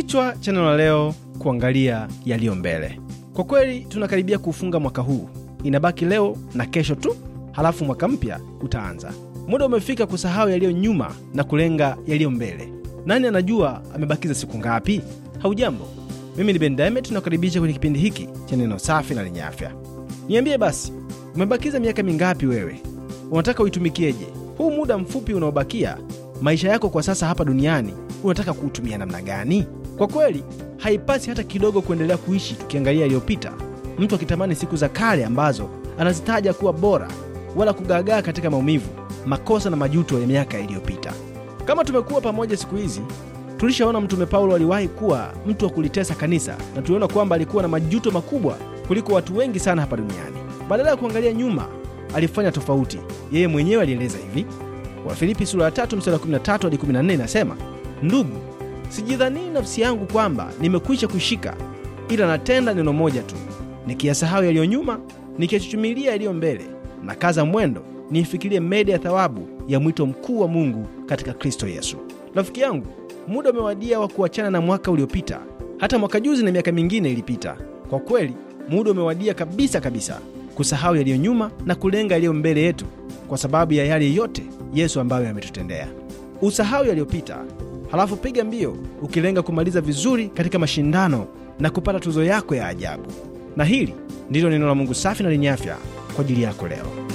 Kichwa cha neno la leo, kuangalia yaliyo mbele. Kwa kweli tunakaribia kuufunga mwaka huu, inabaki leo na kesho tu, halafu mwaka mpya utaanza. Muda umefika kusahau yaliyo nyuma na kulenga yaliyo mbele. Nani anajua amebakiza siku ngapi? Haujambo, mimi ni bendamet nakukaribisha tunakaribisha kwenye kipindi hiki cha neno safi na lenye afya. Niambie basi, umebakiza miaka mingapi wewe? Unataka uitumikieje huu muda mfupi unaobakia? Maisha yako kwa sasa hapa duniani unataka kuutumia namna gani? Kwa kweli haipasi hata kidogo kuendelea kuishi tukiangalia yaliyopita, mtu akitamani siku za kale ambazo anazitaja kuwa bora, wala kugaagaa katika maumivu, makosa na majuto ya miaka iliyopita. Kama tumekuwa pamoja siku hizi, tulishaona Mtume Paulo aliwahi kuwa mtu wa kulitesa kanisa, na tuliona kwamba alikuwa na majuto makubwa kuliko watu wengi sana hapa duniani. Badala ya kuangalia nyuma, alifanya tofauti. Yeye mwenyewe alieleza hivi, Wafilipi sura ya 3 mstari wa 13 hadi 14 inasema, ndugu Sijidhanii nafsi yangu kwamba nimekwisha kushika, ila natenda neno moja tu, nikiyasahau yaliyo nyuma, nikiyachuchumilia yaliyo mbele, na kaza mwendo niifikirie mede ya thawabu ya mwito mkuu wa Mungu katika Kristo Yesu. Rafiki yangu, muda umewadia wa kuachana na mwaka uliopita, hata mwaka juzi na miaka mingine ilipita. Kwa kweli, muda umewadia kabisa kabisa kusahau yaliyo nyuma na kulenga yaliyo mbele yetu, kwa sababu ya yale yote Yesu ambayo yametutendea. Usahau yaliyopita halafu piga mbio ukilenga kumaliza vizuri katika mashindano na kupata tuzo yako ya ajabu. Na hili ndilo neno la Mungu safi na lenye afya kwa ajili yako leo.